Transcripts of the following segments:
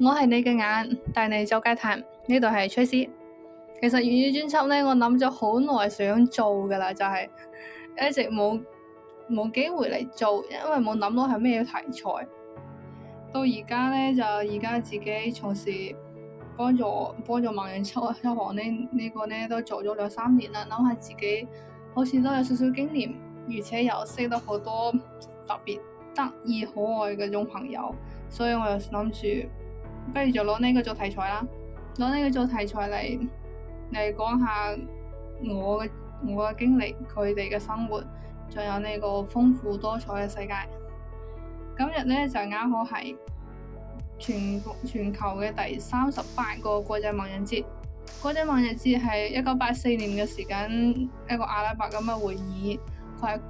我係你嘅眼，帶你走街探呢度係吹師。其實粵語專輯呢，我諗咗好耐想做噶啦，就係、是、一直冇冇機會嚟做，因為冇諗到係咩題材。到而家呢，就而家自己從事幫助幫助盲人出出行呢、這個、呢個咧都做咗兩三年啦，諗下自己好似都有少少經驗，而且又識得好多特別得意可愛嗰種朋友，所以我又諗住。不如就攞呢個做題材啦，攞呢個做題材嚟嚟講下我嘅我嘅經歷，佢哋嘅生活，仲有呢個豐富多彩嘅世界。今日呢，就啱好係全全球嘅第三十八個國際盲人節。國際盲人節係一九八四年嘅時間，一個阿拉伯咁嘅會議，佢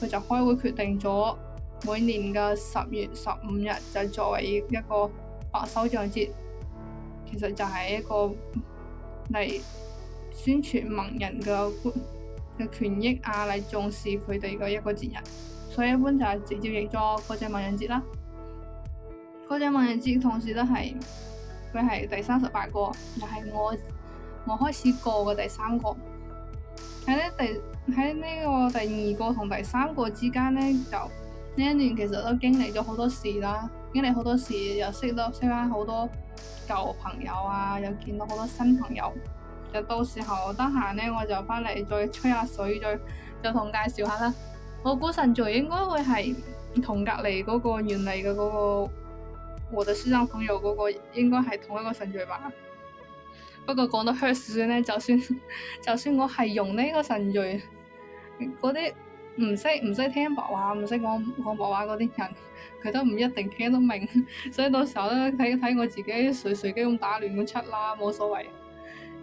佢就開會決定咗每年嘅十月十五日就作為一個。白手杖節其實就係一個嚟宣傳盲人嘅嘅權益啊，嚟重視佢哋嘅一個節日，所以一般就係直接譯咗國際盲人節啦。國際盲人節同時都係佢係第三十八個，又係我我開始過嘅第三個。喺呢第喺呢個第二個同第三個之間呢，就呢一年其實都經歷咗好多事啦。因為好多時，又識到識翻好多舊朋友啊，又見到好多新朋友。就到時候得閒呢，我就返嚟再吹下水，再再同介紹下啦。我估神序應該會係同隔籬嗰個原嚟嘅嗰個我哋書生朋友嗰個，應該係同一個神序吧。不過講到靴書呢，就算就算我係用呢個神序嗰啲，唔識唔識聽白話，唔識講講白話嗰啲人，佢都唔一定聽得明，所以到時候都睇睇我自己隨隨機咁打亂咁出啦，冇所謂。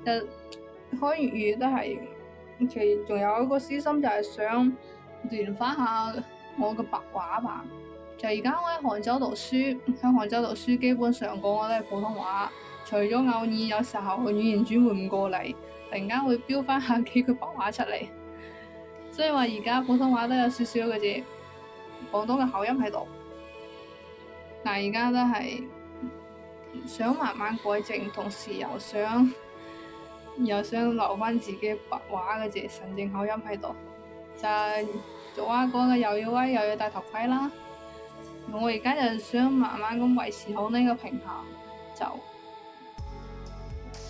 日開粵語都係，其實仲有一個私心就係想練翻下我嘅白話吧。就而家我喺杭州讀書，喺杭州讀書基本上講嘅都係普通話，除咗偶爾有時候我語言轉換唔過嚟，突然間會飆翻下幾句白話出嚟。雖然話而家普通話都有少少嗰隻廣東嘅口音喺度，但而家都係想慢慢改正，同時又想又想留翻自己白話嗰隻純正口音喺度。就係俗話講嘅又要威又要戴頭盔啦！我而家就想慢慢咁維持好呢個平衡，就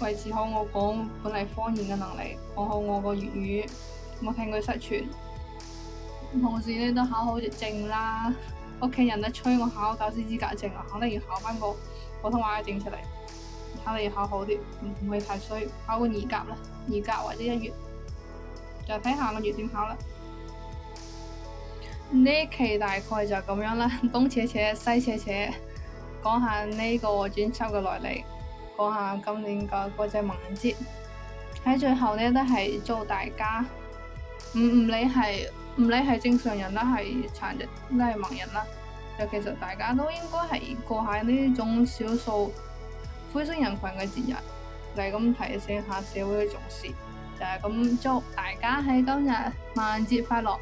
維持好我講本來方言嘅能力，講好我個粵語。我聽佢失傳，同時呢都考好隻證啦。屋企人都催我考教師資格證啊，肯定要考翻個普通話嘅證出嚟，肯定要考好啲，唔可以太衰，考個二甲啦，二甲或者一乙，就睇下個月點考啦。呢期大概就咁樣啦，東扯扯西扯扯，講下呢個專輯嘅來歷，講下今年嘅國際盲人節，喺最後呢，都係祝大家。唔唔理係唔理係正常人啦，係殘疾都係盲人啦，就其實大家都應該係過下呢種少數灰色人群嘅節日，嚟，咁提醒下社會嘅重視，就係咁祝大家喺今日盲節快樂。